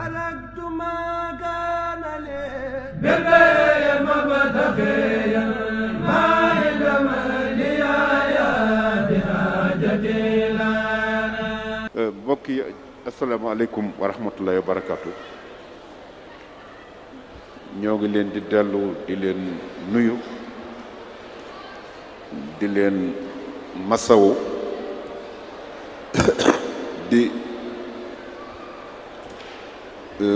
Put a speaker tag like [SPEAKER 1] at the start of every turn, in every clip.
[SPEAKER 1] تركت ما كان لي بالبيع مبتغيا ما علم لي يا بحاجتي لا
[SPEAKER 2] بكي السلام عليكم ورحمة الله وبركاته ñoo ngi leen di dellu di leen nuyu di leen masawu di E,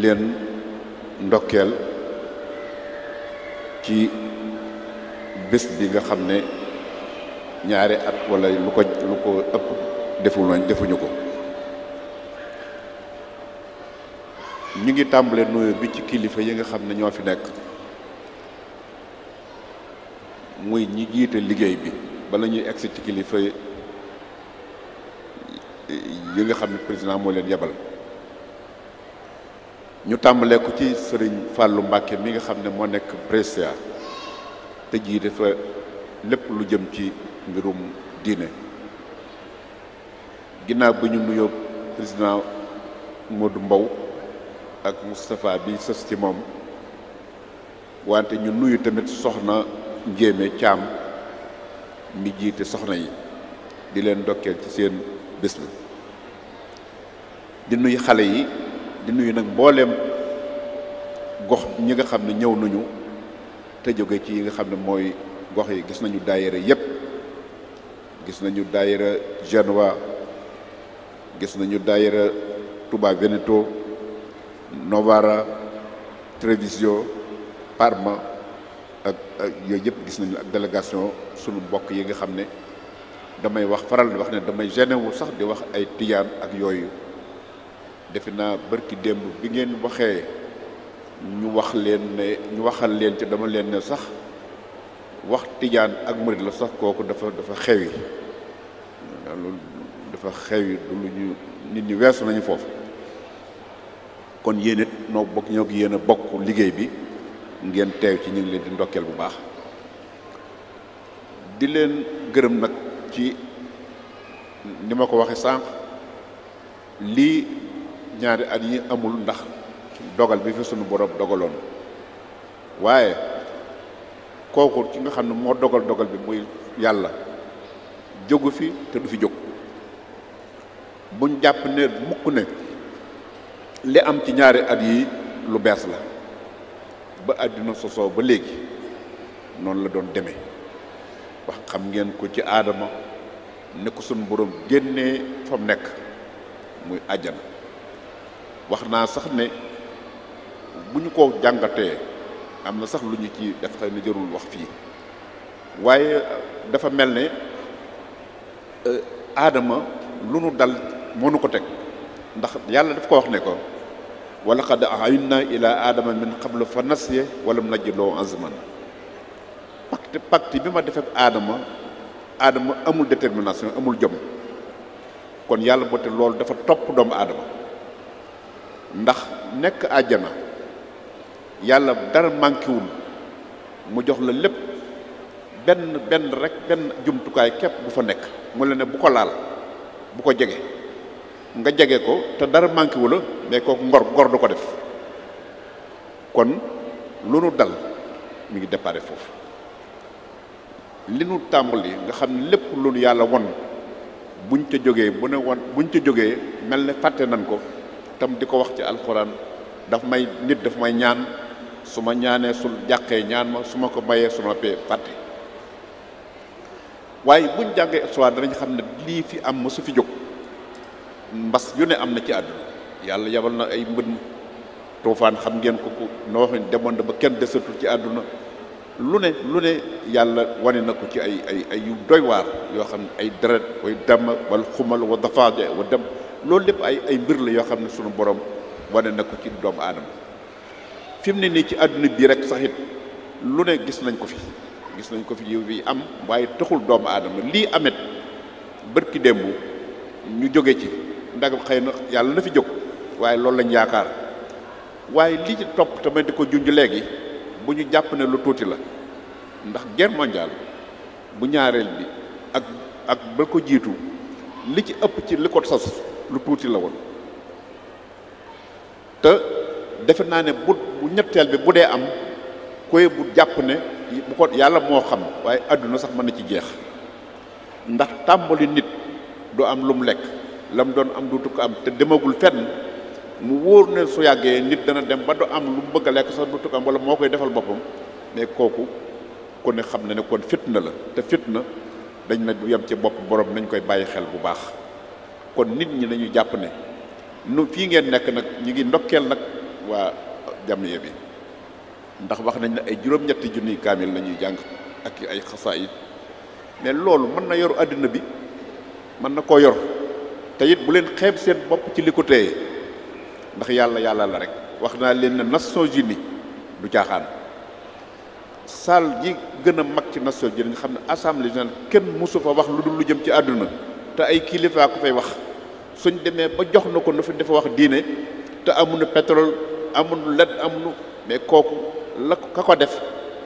[SPEAKER 2] leen ndokkeel ci bés bi nga xam ne ñaari at walla lu ko lu ko ëpp defu nañ defuñu ko ñu ngi tàmbale nuyu bi ci kilifa yi nga xam ne ñoo fi nekk muy ñi jiite liggéey bi bala ñuy egsi ci kilifa yi nga xam ne président moo leen yebal ñu tàmbalee ko ci sëriñ fàllu Mbacke mi nga xam ne moo nekk présia te jii dafa lépp lu jëm ci mbirum diine ginnaaw bi ñu nuyoo président Modou Mbow ak Moustapha bi sës ci moom wante ñu nuyu tamit soxna Njéeme Caam mi jiite soxna yi di leen ndokkeel ci seen bés bi di nuyu xale yi di nuyu nag mbooleem gox ñi nga xam ne ñëw nañu te jóge ci yi nga xam ne mooy gox yi gis nañu daayira yépp gis nañu daayira Genoa gis nañu daayira Touba Veneto Novara Treviso Parma ak ak yooyu yëpp gis nañu ak délégation sunu mbokk yi nga xam ne damay wax faral di wax ne damay génnewu sax di wax ay tijaan ak yooyu defe naa bërki démb bi ngeen waxee ñu wax leen ne ñu waxal leen te dama leen ne sax wax tijaan ak murit la sax kooku dafa dafa xewi loolu dafa xewi du lu ñu nit ñu weesu nañu foofu kon yéen it noo bokk ñoo yéen a bokk liggéey bi ngeen teew ci ñu ngi leen di ndokkeel bu baax di leen gërëm nag ci ni ma ko waxee sànq lii ñaari at yi amul ndax dogal bi fi sunu borom dogaloon waaye kooku ci nga xam ne moo dogal dogal bi muy yàlla jógu fi te du fi jóg buñ jàpp ne mukk ne li am ci ñaari at yi lu bees la ba àddina sosoo ba léegi noonu la doon demee wax xam ngeen ko ci aadama ne ko sunu borom génnee fa mu nekk muy àjjana wax naa sax ne bu ñu ko jàngatee am na sax lu ñu ci def xëy na jërul wax fii waaye dafa mel ne aadama euh, lu nu dal mënu ko teg ndax yàlla daf ko wax ne ko wala qad ahayna ila aadama min qablu fa nasiya walam najloo azman pacte pacte bi ma def aadama aadama amul détermination amul jom kon yàlla boote loolu dafa topp doomu aadama ndax nekk àjjana yàlla dara mànkiwul mu jox la lépp benn benn rekk benn jumtukaay képp bu fa nekk mu la ne bu ko laal bu ko jege nga jege ko te dara mànkiwu la mais kooku ngor ngor du ko def kon lu nu dal mu ngi déparé foofu li nu yi nga xam ne lépp lu nu yàlla won buñ ca jógee bu ne won buñ ca jógee mel ne fàtte nan ko tam di ko wax ci alxuraan dafa may nit dafa may ñaan su ma ñaanee su jàqee ñaan ma su ma ko mayee su ma pee fàtte waaye buñ jàngee dara danañ xam ne lii fi am ma su fi jóg mbas yu ne am na ci àdduna yàlla yabal na ay mbën tuufaan xam ngeen ko ku no wax demoon na ba kenn desatul ci àdduna lu ne lu ne yàlla wane na ko ci ay ay ay yu doy waar yoo xam ne ay deret way dam wal xumal wa dafaaje wa dem loolu lépp ay ay mbir la yoo xam ne sunu borom wane na ko ci doomu aadama fi ne nii ci àdduna bi rek sax it lu ne gis nañ ko fi gis nañ ko fi yiw bi am waaye taxul doomu aadama lii amet bët bërki démb ñu jóge ci ndagam xëy na yàlla na fi jóg waaye loolu lañ yaakaar waaye lii ci topp tamit di ko junj léegi bu ñu jàpp ne lu tuuti la ndax guerre bu ñaareel bi ak ak ba ko jiitu li ci ëpp ci li ko sos lu tuuti la woon te defe naa ne bu bu ñetteel bi bu dee am koy bu jàpp ne bu yàlla moo xam waaye àdduna sax mën na ci jeex ndax tàmbali nit du am lu mu lekk la mu doon am duutu ko am te demagul fenn mu wóor ne su yàggee nit dana dem ba du am lu mu bëgg lekk sax duutu ko am wala moo koy defal boppam mais kooku kon ne xam na ne kon fitna la te fitna dañ na du yem ci bopp borom nañ koy bàyyi xel bu baax kon nit ñi nañu jàpp ne nu fii ngeen nekk nag ñu ngi ndokkeel nag waa jamiya bi ndax wax nañ ne ay juróom-ñetti junniy kaamil la ñuy jàng ak ay xasaayid mais loolu mën na yoru àddina bi mën na koo yor te it bu leen xeeb seen bopp ci li ko téye ndax yàlla yàlla la rek wax naa leen na Nations Unies du caaxaan salle ji gën a mag ci Nations Unies nga xam ne assemblée générale kenn mosu fa wax lu dul lu jëm ci àdduna te ay kilifaa ko fay wax suñ demee ba jox na ko lu fi dafa wax diine te amuñu pétrole amuñu let amuñu mais kooku la ka ko def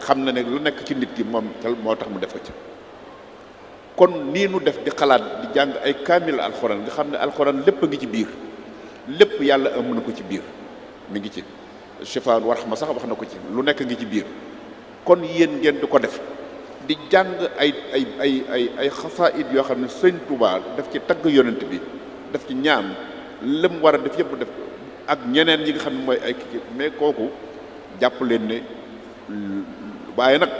[SPEAKER 2] xam na ne lu nekk ci nit ki moom moo tax mu def ko ci kon nii nu def di xalaat di jàng ay kaamil alxuraan nga xam ne alxuraan lépp a ngi ci biir lépp yàlla amu ko ci biir mi ngi ci chifaan ma sax wax na ko ci lu nekk ngi ci biir kon yéen ngeen di ko def di jàng ay ay ay ay ay xasaayid yoo xam ne sëñ Touba daf ci tagg yonent bi daf ci ñaan lëm war a def yëpp def ak ñeneen ñi nga xam ne mooy ay kii mais kooku jàpp leen ne waaye nag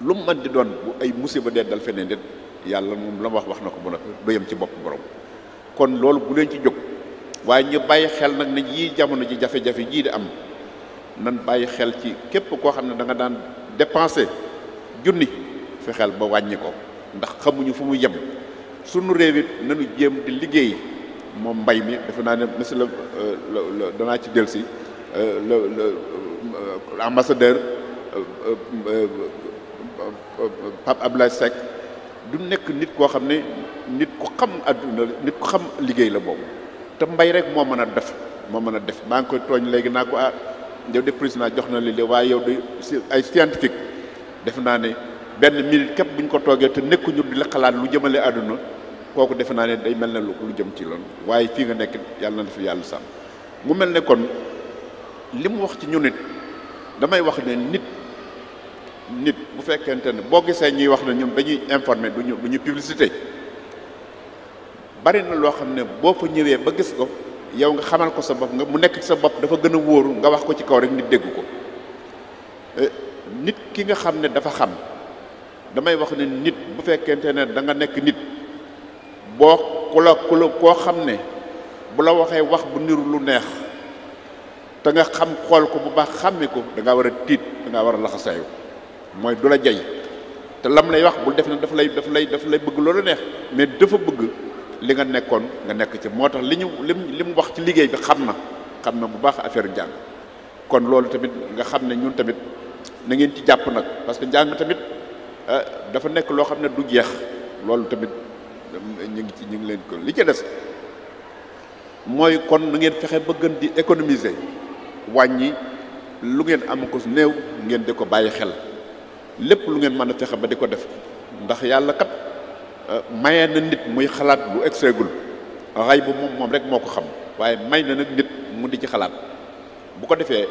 [SPEAKER 2] lu mu mën di doon bu ay musiba dee dal feneen it yàlla moom la mu wax wax na ko bu nag du yem ci bopp borom kon loolu bu leen ci jóg waaye ñu bàyyi xel nag ne yii jamono ji jafe-jafe jii di am nan bàyyi xel ci képp koo xam ne danga daan dépenser. junni fexeel ba wàññi ko ndax xamuñu fu mu yem sunu réew it nañu jéem di liggéey moom mbay mi defe naa ne monsieur le euh, danaa ci dellusi euh, le le euh, ambassadeur Pape Abdoulaye Seck du nekk nit koo xam ne nit ku xam adduna nit ku xam liggéey la boobu te mbay rek moo mën a def moo mën a def maa ngi koy tooñ léegi naa ko ah yow de président jox na li de waaye yow de ay scientifique def naa ne benn minute képp bu ñu ko toogee te nekkuñu di la xalaat lu jëmale àdduna kooku defe naa ne day mel ne lu jëm ci loolu waaye fii nga nekk yàlla na la fi yàlla sàmm mu mel ne kon li mu wax ci ñu nit damay wax ne nit nit bu fekkente ne boo gisee ñuy wax ne ñun dañuy informer du ñu du ñu publicité bari na loo xam ne boo fa ñëwee ba gis ko yow nga xamal ko sa bopp nga mu nekk sa bopp dafa gën a wóoru nga wax ko ci kaw rek nit dégg ko. Eh, nit ki nga xam ne dafa xam damay wax ne nit bu fekkente ne da nga nekk nit boo ku la koo xam ne bu la waxee wax bu niru lu neex te nga xam xool ko bu baax xàmmee ko da war a tiit da ngaa war a laxasaayu mooy du la jay te lam lay wax bu def ne daf lay daf lay daf lay bëgg loolu neex mais dafa bëgg li nga nekkoon nga nekk ci moo tax li ñu li mu wax ci liggéey bi xam na xam na bu baax affaire njàng kon loolu tamit nga xam ne ñun tamit na ngeen ci jàpp nag parce que njàng tamit ah, dafa nekk loo xam ne du jeex loolu tamit ñu ngi ci ñu ngi leen ko li ci des mooy kon na ngeen fexe ba gën di économiser wàññi lu ngeen am ko néew ngeen di ko bàyyi xel lépp lu ngeen mën a fexe ba di ko def ndax yàlla kat ah, maye na nit muy xalaat lu egseegul ray bu moom moom rek moo ko xam waaye may na nag nit mu di ci xalaat bu ko defee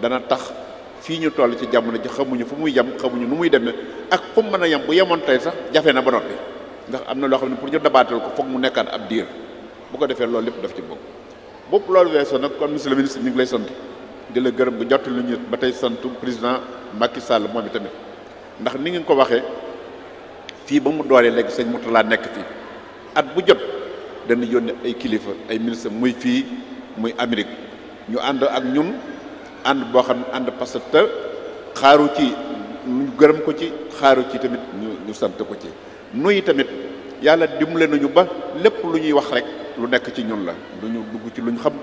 [SPEAKER 2] dana tax fii ñu toll ci jamono ji xamuñu fu muy yem xamuñu nu muy demee ak fu mu mën a yem bu yemoon tey sax jafe na ba noppi ndax am na loo xam ne pour ñu dabaatal ko foog mu nekkaat ab diir bu ko defee loolu lépp daf ci bokk bopp loolu weesoo nag kon monsieur le ministre ñu ngi lay sant di gërëm bu jot lu ñu ba tey santu président Macky Sall moom i tamit ndax ni ngeen ko waxee fii ba mu dooree léegi sëñ Moutala nekk fii at bu jot dana yónne ay kilifa ay ministre muy fii muy Amérique ñu ànd ak ñun ànd boo xam ne ànd parce que xaaru ci ñu gërëm ko ci xaaru ci tamit ñu ñu sant ko ci nuy tamit yàlla dimbale nañu ba lépp lu ñuy wax rek lu nekk ci ñun la du ñu dugg ci lu ñu xam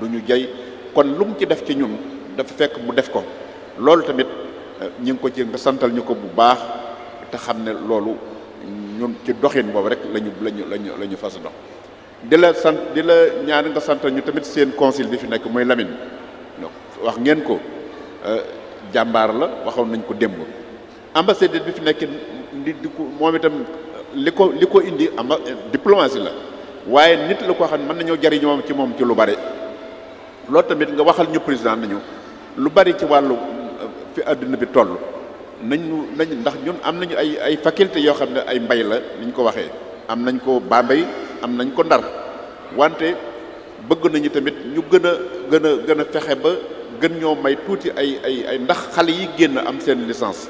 [SPEAKER 2] du ñu jay kon lu mu ci def ci ñun dafa fekk mu def ko loolu tamit euh, ñi ngi ko ci nga santal ñu ko bu baax te xam ne loolu ñun ci doxin boobu rek lañu lañu lañu la ñu fas dox di la sant di la ñaan nga santal ñu tamit seen conseil bi fi nekk mooy Lamine wax ngeen ko euh, jàmbaar la waxoon nañ ko démb ambassadeur bi fi nekk di di ko moom itam euh, li ko li ko indi amba euh, diplomatie la waaye nit la ko xam ne mën nañoo jariñoo ci moom ci lu bari loolu tamit nga waxal ñu président nañu lu bari ci wàllu fi àdduna bi toll nañ ñu nañ ndax ñun am nañu ay ay faculté yoo xam ne ay mbay la ni ko waxee am nañ ko baa Bambey am nañ ko Ndar wante bëgg nañu tamit ñu gën a gën a gën a fexe ba gën ñoo may tuuti ay ay ay ndax xale yi génn am seen licence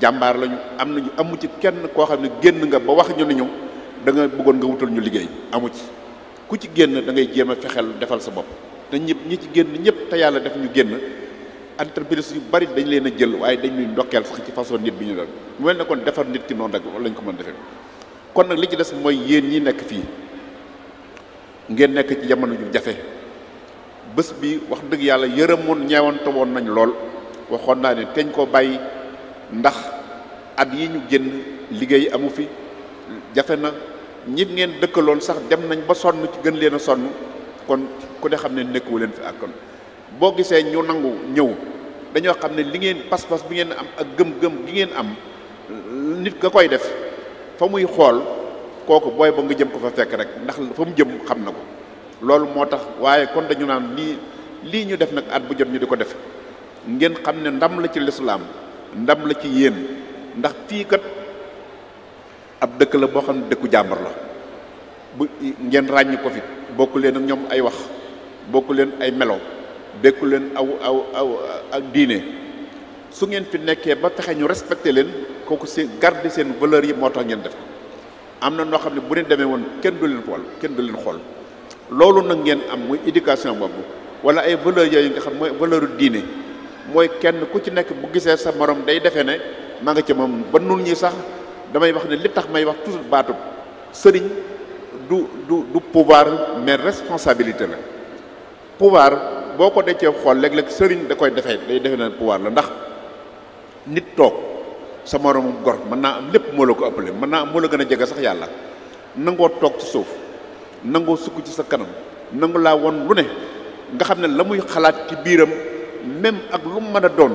[SPEAKER 2] jàmbaar lañu am nañu amu ci kenn koo xam ne génn nga ba wax ñu ne ñu da nga bëggoon nga wutal ñu liggéey amu ci ku ci génn da ngay jéem a fexeel defal sa bopp te ñëpp ñi ci génn ñëpp te yàlla def ñu génn entreprise yu bari dañ leen a jël waaye dañ ñuy ndokkeel sax ci façon nit bi ñu dal mu mel ne kon defar nit ki noonu rek lañ ko mën defee kon nag li ci des mooy yéen ñi nekk fii ngeen nekk ci jamono ju jafe bés bi wax dëgg yàlla yërëmoon ñeewantu woon nañ lool waxoon naa ne teñ ko bàyyi ndax at yi ñu génn liggéey amu fi jafe na ñi ngeen dëkkaloon sax dem nañ ba sonn ci gën leen a sonn kon ku ne xam ne nekkuwu leen fi ak kon boo gisee ñu nangu ñëw dañoo xam ne li ngeen pas-pas bi ngeen am ak gëm-gëm gi ngeen am nit nga koy def fa muy xool kooku booy ba nga jëm ko fa fekk rek ndax fa mu jëm xam na ko loolu moo tax waaye kon dañu naan lii lii ñu def nag at bu jot ñu di ko def ngeen xam ne ndam la ci lislaam ndam la ci yéen ndax fii kat ab dëkk la boo xam ne dëkku jàmbar la bu ngeen ràññ ko fi bokk leen ak ñoom ay wax bokk leen ay melo bekku leen aw aw aw ak diine su ngeen fi nekkee ba fexe ñu respecté leen kooku si garder seen valeurs yi moo tax ngeen def am na noo xam ne bu ne demee woon kenn du leen xool kenn du leen xool loolu nag ngeen am muy éducation boobu wala ay valeur yi nga xam mooy valeur diine mooy kenn ku ci nekk bu gisee sa morom day defee ne maa nga ca moom ba nun yi sax damay wax ne li tax may wax toujours baatut sëriñ du du du pouvoir mais responsabilité la pouvoir boo ko deccee xool léeg-léeg sëriñ da koy defee day defee ne pouvoir la ndax nit toog sa moromu gor mën naa am lépp moo la ko ëppale mën naa am moo la gën a jege sax yàlla nangoo toog ci suuf nangoo sukk ci sa kanam nangu laa woon lu ne nga xam ne la muy xalaat ci biiram même ak lu mu mën a doon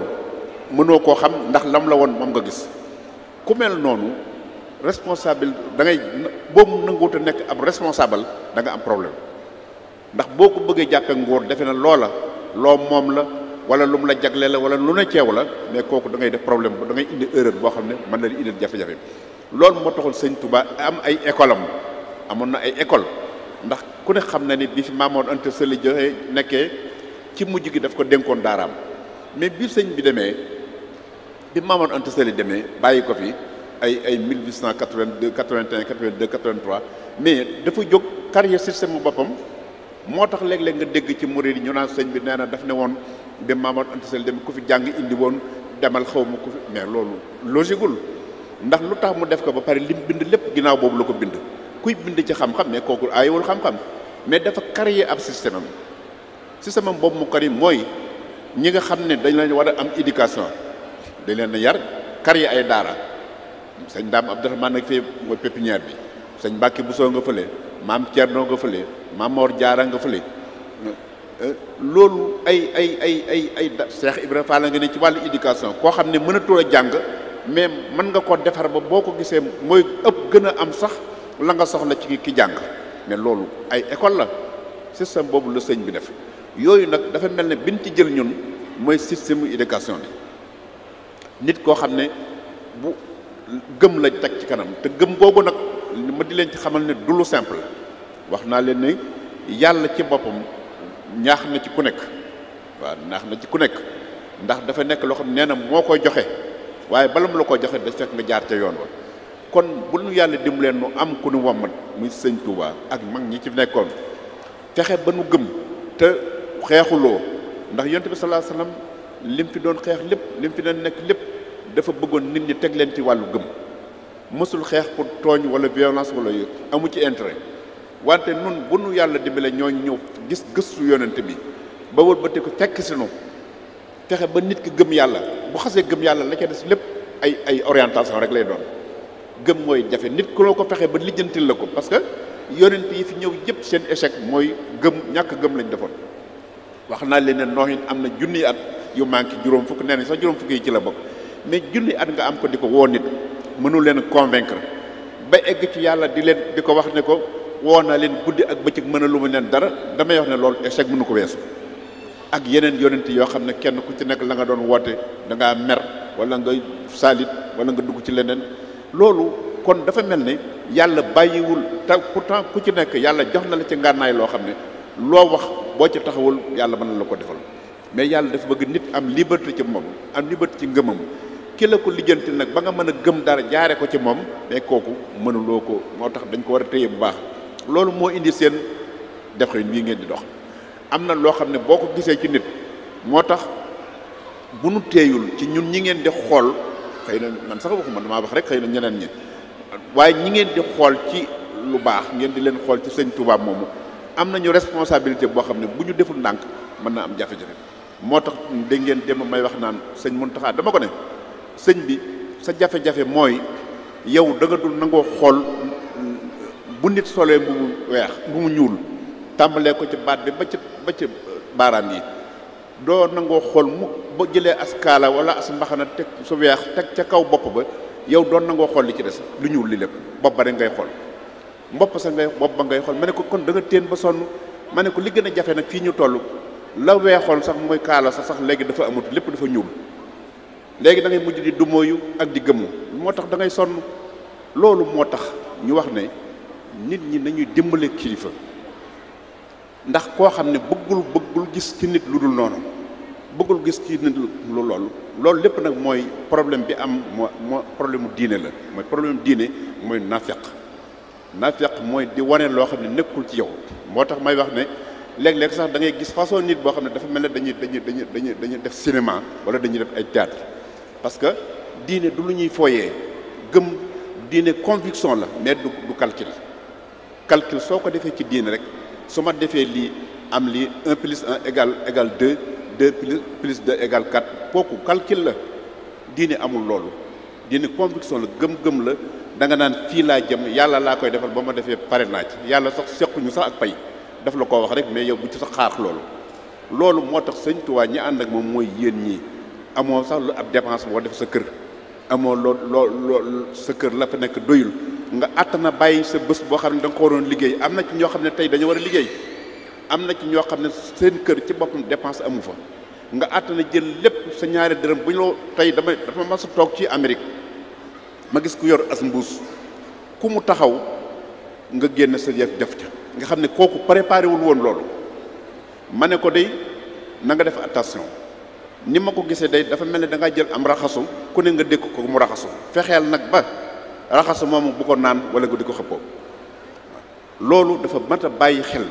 [SPEAKER 2] mënoo koo xam ndax lam la woon moom nga gis ku mel noonu responsable da ngay boobu nanguwut a nekk ab responsable da nga am problème ndax boo ko bëggee jàppe nguur defe na loola loo moom la wala lu mu la jagle la wala lu ne ceew la mais kooku dangay def problème da ngay indi erreur boo xam ne mën na indi jafe-jafe loolu moo taxul sëñ Touba am ay école am amoon na ay école ndax ku ne xam na ni bi fi Maamoor Anta Sali joxe nekke ci mujj gi daf ko dénkoon daaraam mais bi sëñ bi demee bi Maamoor Anta Sali demee bàyyi ko fi ay ay 1882 81 82 83 mais dafa jóg carrière système bu boppam moo tax léeg-léeg nga dégg ci murid yi ñu naa sëñ bi nee na daf ne woon bi Maamoor Anta Sali demee ku fi jàng indi woon demal xaw ma ku fi mais loolu logique ndax lu tax mu def ko ba pare lim bind lépp ginnaaw boobu la ko bind. kuy bind ci xam-xam mais kooku aayewul xam-xam mais dafa créer ab système am système am boobu mu créé mooy ñi nga xam ne dañ leen war a am éducation dañ leen a yar créer ay daara sëñ Daam Abdourahmane nag fii mooy pépinière bi sëñ Mbàkke Bousso nga fële maam Thierno nga fële maam Mor Diarra nga fële euh, loolu ay ay ay ay ay Cheikh Ibrahima la nga ne ci wàllu éducation koo xam ne mënatul jàng mais mën nga ko defar ba boo ko gisee mooy ëpp gën a am sax la nga soxla ci ki jàng mais loolu ay école la système boobu la sëñ bi def yooyu nag dafa mel ne bin ci jël ñun mooy système éducation bi nit koo xam ne bu gëm lañ teg ci kanam te gëm boobu nag ma di leen ci xamal ne du lu simple wax naa leen ne yàlla ci boppam ñaax na ci ku nekk waaw ñaax na ci ku nekk ndax dafa nekk loo xam nee na moo koy joxe waaye bala mu la ko joxe da fekk nga jaar ca yoon kon bu nu yàlla dimbalee nu am ku nu wammat muy sëñ Touba ak mag ñi ci nekkoon fexe ba nu gëm te xeexuloo ndax yonent bi sallallahu lim fi doon xeex lépp lim fi doon nekk lépp dafa bëggoon nit ñi teg leen ci wàllu gëm mosul xeex pour tooñ wala violence wala yëg amu ci intérêt wante nun bu nu yàlla dimbalee ñoo ñëw gis gëstu yonent bi ba ba ko fekk si nu fexe ba nit ki gëm yàlla bu xasee gëm yàlla la ca des lépp ay ay orientation rek lay doon gëm mooy jafe nit ku loo ko fexe ba lijjantil la ko parce que yonent yi fi ñëw yëpp seen échec mooy gëm ñàkk gëm lañu defoon wax naa leen ne nooxin am na junni at yu manqué juróom fukk nee nañ sax juróom fukk yi ci la bokk mais junni at nga am ko di ko woo nit mënu leen convaincre ba egg ci yàlla di leen di ko wax ne ko woo naa leen guddi ak bëccëg mën a lu ma neen dara damay wax ne loolu échec mënu ko wees ak yeneen yonent yoo xam ne kenn ku ci nekk la nga doon woote da ngaa mer wala nga saalit wala nga dugg ci leneen loolu kon dafa mel ne yàlla bàyyiwul ku pourtant ku ci nekk yàlla jox na la ci ngànnaay loo xam ne loo wax boo ci taxawul yàlla mën na la ko defal mais yàlla dafa bëgg nit am liberté ci moom am liberté ci ngëmam ki la ko lijjanti nag ba nga mën a gëm dara jaare ko ci moom mais kooku mënuloo ko moo tax dañ ko war a téye bu baax loolu moo indi seen doxin bii ngeen di dox am na loo xam ne boo ko gisee ci nit moo tax bu nu teeyul ci ñun ñi ngeen di xool xëy na man sax waxuma damaa wax rek xëy na ñeneen ñi waaye ñi ngeen di xool ci lu baax ngeen di leen xool ci sëñ tubaab moomu am nañu responsabilité boo xam ne bu ñu deful ndànk mën na am jafe-jafe moo tax da ngeen dem may wax naan sëñ Mountakha dama ko ne sëñ bi sa jafe-jafe mooy yow da nga dul nangoo xool bu nit solee bu mu weex bu mu ñuul tàmbalee ko ci baat bi ba ci baaraam yi doo nangoo xool mu ba jëlee as kaala wala as mbaxana teg su weex teg ca kaw bopp ba yow doon nangoo xool li ci des lu ñuul li lépp bopp ba rek ngay xool mbopp sa ngay bopp ba ngay xool ma ne ko kon danga nga téen ba sonn ma ne ko li gën a jafe nag fii ñu toll la weexoon sax mooy kaala sax sax léegi dafa amut lépp dafa ñuul léegi dangay mujj di dumóoyu ak di gëmmu moo tax da ngay sonn loolu moo tax ñu wax ne nit ñi nañuy dimbale kilifa ndax koo xam ne bëggul bëggul gis ci nit lu dul noonu bëggul gis ci nit lu loolu loolu lépp nag mooy problème bi am moo moo problème mu diine la mooy problème diine mooy nafeq nafeq mooy di wane loo xam ne nekkul ci yow moo tax may wax ne léeg-léeg sax da ngay gis façon nit boo xam ne dafa mel ne dañuy dañu dañuy dañuy dañuy def cinéma wala dañuy def ay théâtre parce que diine du lu ñuy fooyee gëm diine conviction la mais du du calcul soo ko defee ci diine rek su ma defee lii am lii un plus un égal égal deux deux plus plus deux égal quatre kooku calcul la diine amul loolu diine conviction la gëm-gëm la da nga naan fii laa jëm yàlla laa koy defal ba ma defee pare naa yàlla sax sequñu sax ak pay daf la ko wax rek mais yow bu ci sax xaar loolu loolu moo tax sëñ Tuubaa ñi ànd ak moom mooy yéen ñii amoo sax ab dépense boo def sa kër amoo loo loo loo sa kër la fa nekk doyul nga àttana bàyyi sa bés boo xam ne da nga ko waroon liggéey am na ci ñoo xam ne tey dañu war a liggéey am na ci ñoo xam ne seen kër ci boppam dépense amu fa nga àttana jël lépp sa ñaari dërëm bu ñu loo tey dama dafa mas a toog ci Amérique ma gis ku yor as mbuus ku mu taxaw nga génn sa yëf def ca nga xam ne kooku préparé wul woon loolu ma ne ko day na nga def attention ni ma ko gisee day dafa mel ne da ngaa jël am raxasu ku ne nga dékk ko mu raxasu fexeel nag ba raxasu moomu bu ko naan wala nga di ko xëppoo loolu dafa mat bàyyi xel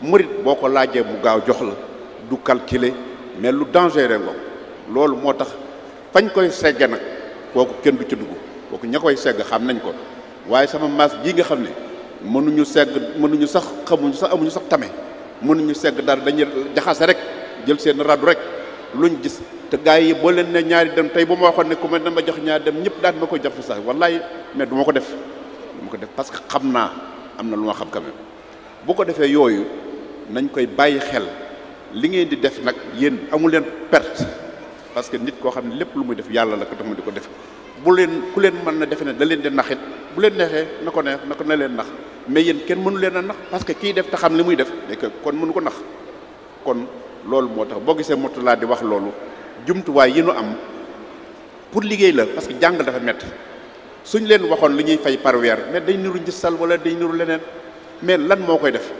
[SPEAKER 2] murit boo ko laajee mu gaaw jox la du calculer mais lu dangereux nga loolu moo tax fañ koy segge nag kooku kenn du ci dugg kooku ña koy segg xam nañ ko waaye sama maas ji nga xam ne mënuñu segg mënuñu sax xamuñu sax amuñu sax tame mënuñu segg dara dañuy jaxase rek jël seen radu rek ñu gis te gars yi boo leen ne ñaari dem tey bu ma waxoon ne ku ma dama jox ñaari dem ñëpp daal ma ko jox fi sax wallaay mais du ma ko def du ma ko def parce que xam naa am na lu ma xam quand bu ko defee yooyu nañ koy bàyyi xel li ngeen di def nag yéen amu leen perte parce que nit koo xam ne lépp lu muy def yàlla la ko tax mu di ko def bu leen ku leen mën na defe ne da leen di naxit bu leen neexee na ko neex na ko na leen nax mais yéen kenn mënu leen a nax parce que kii def te xam li muy def léegi kon mënu ko nax kon loolu moo tax boo gisee motu laa di wax loolu jumtuwaay yi nu am pour liggéey la parce que jàng dafa mett suñ leen waxoon li ñuy fay par weer mais day niru sal wala day niru leneen mais lan moo koy def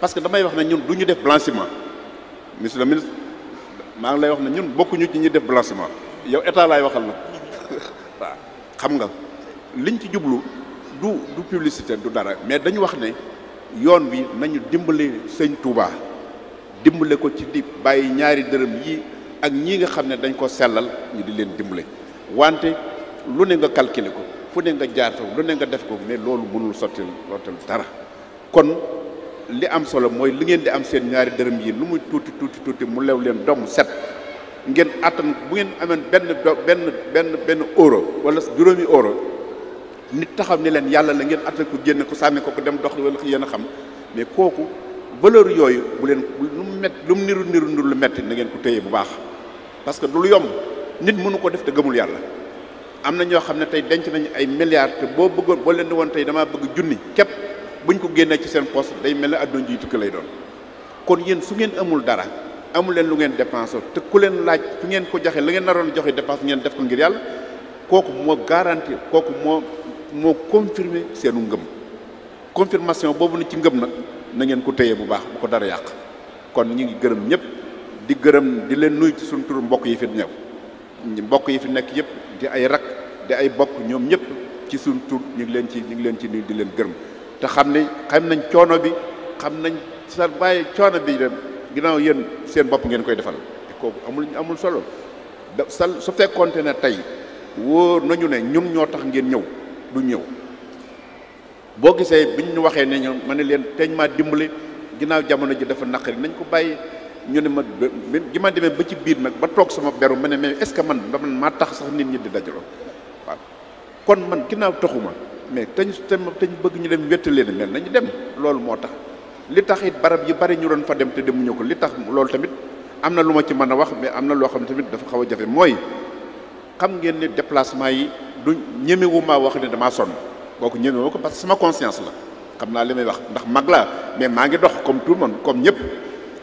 [SPEAKER 2] parce que damay wax ne ñun du ñu def blanchiment le ministre maa ngi lay wax na ñun bokkuñu ci ñi def blanchiment yow état laay waxal na waaw xam nga liñ ci jublu du du publicité du dara mais dañu wax ne yoon wi nañu dimbali sëñ Touba. dimbale ko ci di bàyyi ñaari dërëm yii ak ñii nga xam ne dañ ko sellal ñu di leen dimbale wante lu ne nga calculer ko fu ne nga jaar fa lu ne nga def ko ne loolu mënul sottil lootal dara kon li am solo mooy li ngeen di am seen ñaari dërëm yii lu muy tuuti tuuti tuuti mu lew leen doom set ngeen àttan bu ngeen ameen benn benn benn benn euro wala juróomi oro nit taxaw ni leen yàlla la ngeen attan ko génne ko sànni ko ko dem dox wala yéen a xam mais kooku valeur yooyu bu leen lu mu mett lu mu niru niru niru lu metti na ngeen ko téye bu baax parce que du lu yomb nit mënu ko def te gëmul yàlla am na ñoo xam ne tey denc nañu ay milliards te boo bëggoon boo leen woon tey damaa bëgg junni képp buñ ko génnee ci seen poste day mel ak adduna ji tukki lay doon kon yéen su ngeen amul dara amul leen lu ngeen dépensé te ku leen laaj fu ngeen ko joxe la ngeen naroon joxe dépense ngeen def ko ngir yàlla kooku moo garantir kooku moo moo confirmer seenu ngëm confirmation boobu na ci ngëm nag na ngeen ko téye bu baax bu ko dara yàq kon ñu ngi gërëm ñëpp di gërëm di leen nuyu ci suñu tur mbokk yi fi ñëw mbokk yi fi nekk yëpp di ay rak di ay bokk ñoom ñëpp ci suñu tur ñu ngi leen ci ñu ngi leen ci nuyu di leen gërëm te xam ne xam nañ coono bi xam nañ sa bàyyi coono bi dem ginnaaw yéen seen bopp ngeen koy defal kooku amul amul solo sal sa su fekkoonte ne tey wóor nañu ne ñoom ñoo tax ngeen ñëw du ñëw boo gisee biñ ñu waxee ne ñoom ma ne leen teñ maa dimbali ginnaaw jamono ji dafa naqari nañ ko bàyyi ñu ne ma bi ma demee ba ci biir nag ba toog sama beru ma ne mais est-ce que man man maa tax sax nit ñi di dajaloo waaw kon man ginnaaw taxuma mais teñ teñ bëgg ñu dem wettali leen mel nañu dem loolu moo tax li tax it barab yi bari ñu doon fa dem te demuñu ko li tax loolu tamit am na lu ma ci mën a wax mais am na loo xam ne tamit dafa xaw a jafe mooy xam ngeen ne déplacement yi du ñemewu maa wax ne damaa sonn kooku ñeme ma ko parce que sama conscience la xam naa li may wax ndax mag laa mais maa ngi dox comme tout le monde ñëpp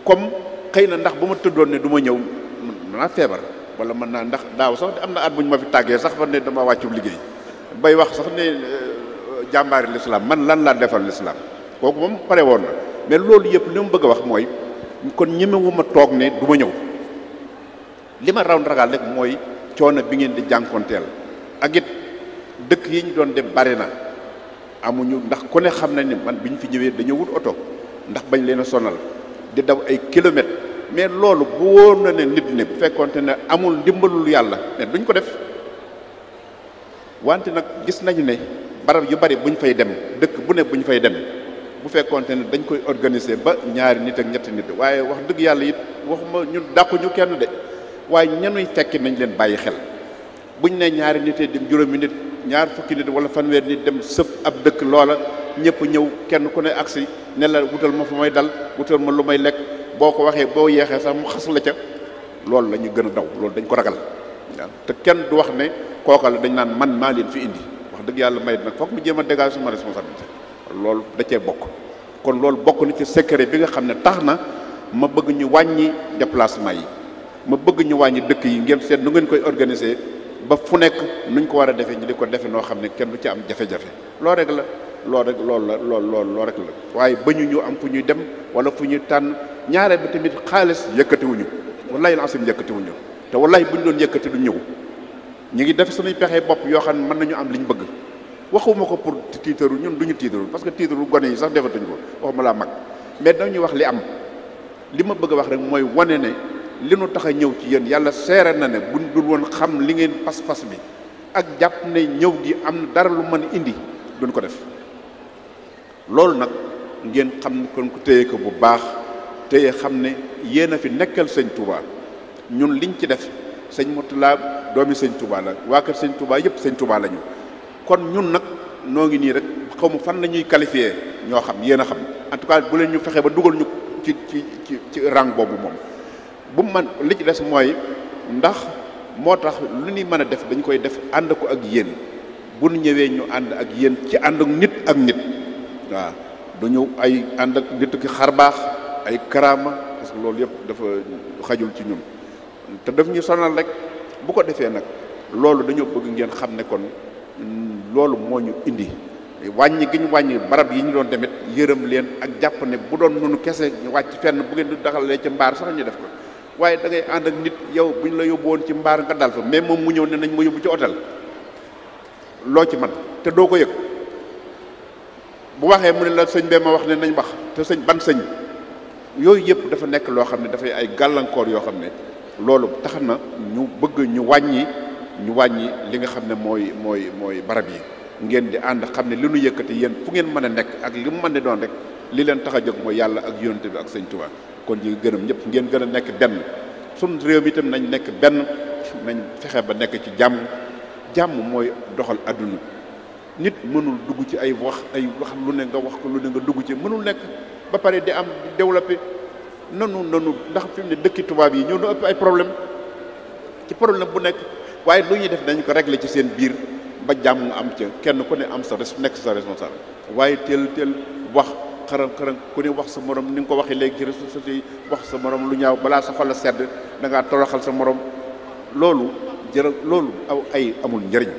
[SPEAKER 2] comme xëy na ndax bu ma tëddoon ne du ñëw mën naa wala mën naa ndax daaw sax am na at bu ma fi tàggee sax fa ne dama wàccub liggéey bay wax sax ne euh, jàmbaari lislaam man lan laa defal lislaam kooku moom pare woon mais loolu yëpp li mu a wax mooy kon ñemewu ma toog ne du ma ñëw li ma raw ragal rek mooy coono bi ngeen di jànkonteel ak dëkk yi ñu doon dem bari na amuñu ndax ku ne xam na ni man bi ñu fi ñëwee dañoo wut oto ndax bañ leen a sonal di daw ay kilomètres mais loolu bu wóor na ne nit ne bu fekkoonte ne amul ndimbalul yàlla ne duñ ko def wante nag gis nañu ne barab yu bari bu ñu fay dem dëkk bu ne bu ñu fay dem bu fekkonte ne dañ koy organiser ba ñaari nit ak ñetti nit waaye wax dëgg yàlla it waxuma ñun dàquñu kenn de waaye ñanuy fekki nañ leen bàyyi xel buñ ne ñaari nit dem juróomi nit. ñaar fukki nit wala fanweer nit dem sëpp ab dëkk loola ñëpp ñëw kenn ku ne agsi ne la wutal ma fu may dal wutal ma lu may lekk boo ko waxee boo yeexee sax mu xas la ca loolu la ñu gën a daw loolu dañ ko ragal te kenn du wax ne kooka la dañ naan man maa leen fi indi wax dëgg yàlla may nag foog mu jéem a dégager sama responsabilité loolu da cee bokk kon loolu bokk na ci secret bi nga xam ne tax na ma bëgg ñu wàññi déplacement yi ma bëgg ñu wàññi dëkk yi ngeen seet nu ngeen koy ba fu nekk nuñ ko war a defee ñu di ko defe noo xam ne kenn du ci am jafe-jafe loolu rek la loo rek loolu la lool lool lool rek la waaye ba ñu ñu am fu ñuy dem wala fu ñu tànn ñaaree bi tamit xaalis yëkkatiwuñu wallahi lancim yëkkatiwuñu te wallahi bu ñu doon yëkkati du ñëw ñu ngi def suñuy pexe bopp yoo xam ne mën nañu am li ñu bëgg waxuma ko pour tiitaru ñun ñu tiitaru parce que tiitaru gone yi sax defatuñ ko waxuma laa mag mais dañuy wax li am li ma bëgg a wax rek mooy wane ne li nu tax a ñëw ci yéen yàlla seere na ne buñ dul woon xam li ngeen pas-pas bi ak jàpp ne ñëw gi am na dara lu mën indi duñ ko def loolu nag ngeen xam kon ko téye ko bu baax téye xam ne yéen a fi nekkal sëñ Touba ñun liñ ci def sëñ Moutala doomi sëñ Touba la waa kër sëñ Touba yëpp sëñ Touba lañu kon ñun nag noo ngi nii rek xaw ma fan la ñuy qualifié ñoo xam yéen a xam en bu leen ñu fexe ba dugal ñu ci ci ci ci rang boobu moom. bu man li ci des mooy ndax moo tax lu ñuy mën a def dañ koy def ànd ko ak yéen bu ñu ñëwee ñu ànd ak yéen ci ànd ak nit ak nit waaw du ñu ay ànd ak nit ki xar baax ay karaama parce que loolu yëpp dafa xajul ci ñun te daf ñu sonal rek bu ko defee nag loolu dañoo bëgg ngeen xam ne kon loolu moo ñu indi wàññi gi ñu wàññi barab yi ñu doon tamit yërëm leen ak jàpp ne bu doon nunu kese ñu wàcc fenn bu ngeen du daxalee ci mbaar sax ñu def ko waaye da ngay ànd ak nit yow bu ñu la yóbbuwoon ci mbaar nga dal fa mais moom mu ñëw ne nañ ma yóbbu ci hôtel loo ci man te doo ko yëg bu waxee mu ne la sëñ bee ma wax ne nañu wax te sëñ ban sëñ yooyu yëpp dafa nekk loo xam ne dafay ay gàllankoor yoo xam ne loolu tax na ñu bëgg ñu wàññi ñu wàññi li nga xam ne mooy mooy mooy barab yi ngeen di ànd xam ne li nu yëkkati yéen fu ngeen mën a nekk ak li mu mën a doon rek li leen tax a jóg mooy yàlla ak yonent bi ak sëñ kon ñu gërëm ñëpp ngeen gën a nekk benn sun réew mi itam nañ nekk benn nañ fexe ba nekk ci jàmm jàmm mooy doxal adduna nit mënul dugg ci ay wax ay wax lu ne nga wax ko lu ne nga dugg ci mënul nekk ba pare di am di développé nanu nanu ndax fi mu ne dëkki tubaab yi ñoo nu ëpp ay problème ci problème bu nekk waaye lu ñuy def dañ ko régler ci seen biir ba jàmm am ca kenn ku ne am sa nekk sa responsable waaye teel teel wax xërëm xërëm ku ne wax sa moroom ni nga ko waxee léegi ci réseaux sociaux yi wax sa morom lu ñaaw balaa sa sedd da ngaa toroxal sa morom loolu jërë loolu aw ay amul njëriñ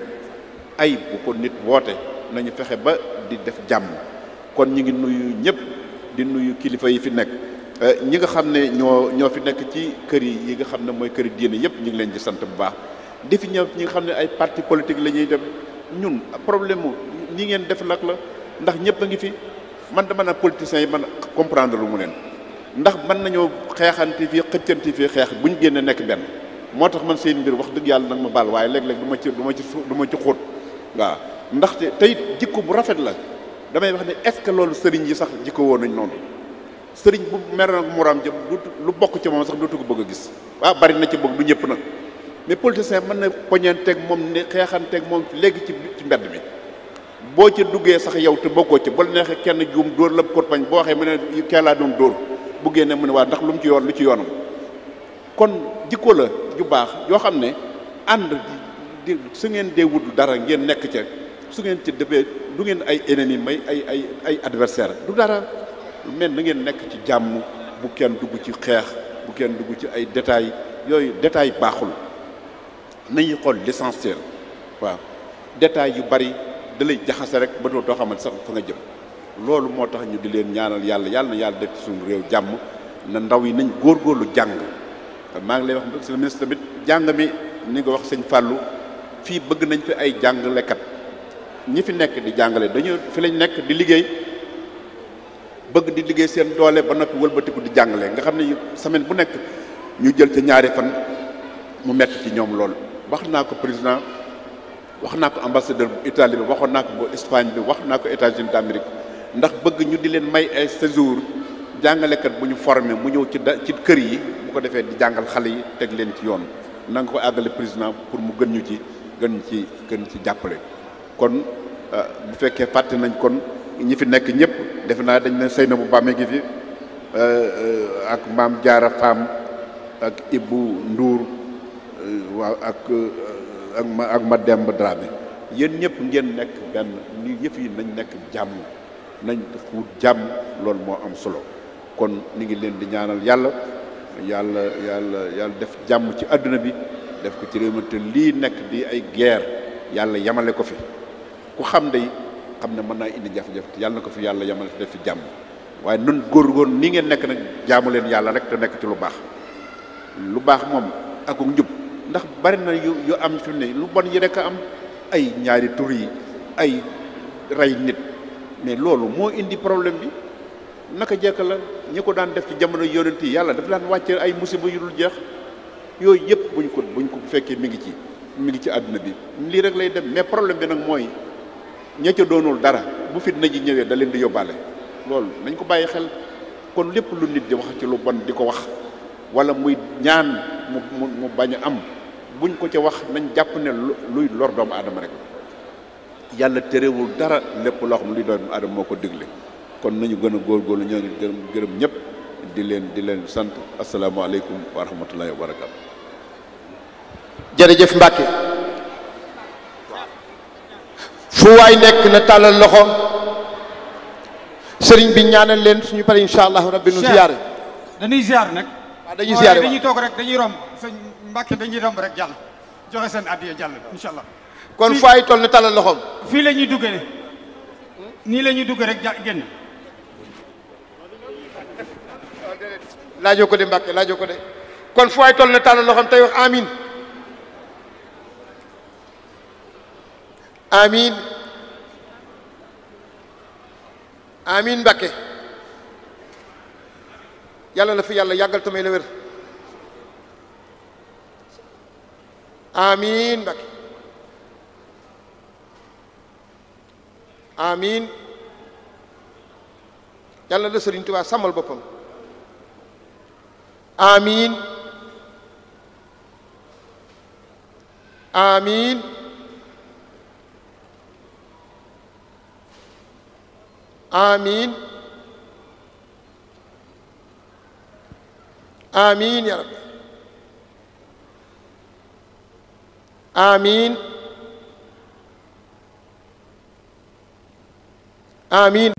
[SPEAKER 2] ay bu ko nit woote nañu fexe ba di def jàmm kon ñu ngi nuyu ñëpp di nuyu kilifa yi fi nekk eh, ñi nga xam ne ñoo ñoo fi nekk ci kër yi yi nga xam ne mooy kër këri diine yëpp ñu ngi leen di sant bu baax di fi ñëw ñi nga xam ne ay parti politique la ñuy dem ñun problème mu ñi ngeen def nag la ndax ñëpp a ngi fi man dama naan politiciens yi man comprendre lu mu leen ndax mën nañoo xeexante fii xëccante fii xeex bu ñu génne nekk benn moo tax man seen mbir wax dëgg yàlla nag ma baal waaye léeg-léeg du ma ci du ma ci du ma ci xóot waaw ndaxte tey jikko bu rafet la damay wax ne est-ce que loolu sëriñ yi sax jikko woon nañ noonu sëriñ bu mer nag moroom jëm lu bokk ci moom sax dootu ko bëgg a gis waaw bari na ci bëgg du ñëpp nag mais politicien mën na poñeenteeg moom ne xeexanteeg moom léegi ci ci mbedd mi boo ca duggee sax yow te bokkoo ca ba la neexee kenn juum dóor la korpañ boo waxee mu ne kee laa doon dóor bu génnee mu ne waa ndax lu mu ci yoon ci yoonam kon jikko la ju baax yoo xam ne ànd di su ngeen dee wut dara ngeen nekk ca su ngeen ci defee du ngeen ay ennemis may ay ay ay adversaire du dara mel na ngeen nekk ci jàmm bu kenn dugg ci xeex bu kenn dugg ci ay détay yooyu détail baaxul nañuy xool l'essentiel waaw détail yu bari da lay jaxase rek ba dootoo xamal sax fa nga jëm loolu moo tax ñu di leen ñaanal yàlla yàlla na yàlla de ci suñu réew jàmm na ndaw yi nañ góor góorlu jàng maa ngi lay wax monsieur ministre tamit jàng mi ni nga wax sëñ Fallou fii bëgg nañ fi ay jàngalekat ñi fi nekk di jàngale dañu fi lañ nekk di liggéey bëgg di liggéey seen doole ba noppi wëlbatiku di jàngale nga xam ne semaine bu nekk ñu jël ca ñaari fan mu metti ci ñoom loolu wax naa ko président wax naa ko ambassadeur bu Italie bi waxoon naa ko bu Espagne bi wax naa ko États-Unis d'Amérique ndax bëgg ñu di leen may ay séjour jàngalekat bu ñu formé mu ñëw ci da ci kër yi bu ko defee di jàngal xale yi teg leen ci yoon nanga ko àggale président pour mu gën ñu ci gën ñu ci gën ci jàppale kon euh, bu fekkee fàtte nañ kon ñi fi nekk ñëpp def naa dañ ne Seynabou bu mi ngi fi euh, euh, ak Maam Jaara Faam ak Ibou nduur waaw ak ak ma ak ma demb Dramé yéen ñëpp ngeen nekk benn yëf yi nañ nekk jàmm nañ fu jàmm loolu moo am solo kon ñu ngi leen di ñaanal yàlla yàlla yàlla yàlla def jàmm ci àdduna bi def ko ci réew lii nekk di ay guerre yàlla yamale ko fi ku xam day xam ne mën naa indi jafe-jafe te yàlla na ko fi yàlla yamale def fi jàmm waaye nun góorgóorlu ni ngeen nekk nag jàmmu leen yàlla rek te nekk ci lu baax lu baax moom akuk njub ndax bari na yu am fi ne lu bon yi rek am ay ñaari tur yi ay rey nit mais loolu moo indi problème bi naka jekk la ñi ko daan def ci jamono yonent yi yàlla dafa daan wàcce ay musiba yu dul jeex yooyu yëpp ñu ko buñ ko fekkee mi ngi ci mu ngi ci àdduna bi lii rek lay dem mais problème bi nag mooy ña ca doonul dara bu fitna ji ñëwee da leen di yóbbaale loolu nañ ko bàyyi xel kon lépp lu nit di wax ci lu bon di ko wax wala muy ñaan mu mu mu bañ a am buñ ko ca wax nañ jàpp ne luy lor doomu aadama rek yàlla terewul dara lépp loxo xam luy doomu aadama moo ko digle kon nañu gën a góorgóorlu ñoo ngi gërëm gërëm ñëpp di leen di leen sant asalaamaaleykum wa rahmatullahi wa barakaatu.
[SPEAKER 1] jërëjëf Mbacke fu waay nekk na tàllal loxo sëriñ bi ñaanal leen suñu pare incha allah rabbi nu ziyaare dañuy ziyaar nag. waaw dañuy ziyaare dañuy toog rek Mbàkke dañuy romb rek jàll joxe seen addiya jàll incha allah. kon fu ay toll na talal loxoom. fii la ñuy duggee nii la ñuy duggee rek ja génn. laajoo ko de Mbàkke laajoo ko de kon fu ay toll na talal loxoom tey wax amin amin amin yàlla la fi yàlla yàggal tamay la wér. amiin Mbakke amiin yàlla la Sëriñ Tuubaa sàmmal boppam amiin amiin amiin amiin ya rabbi amiin amiin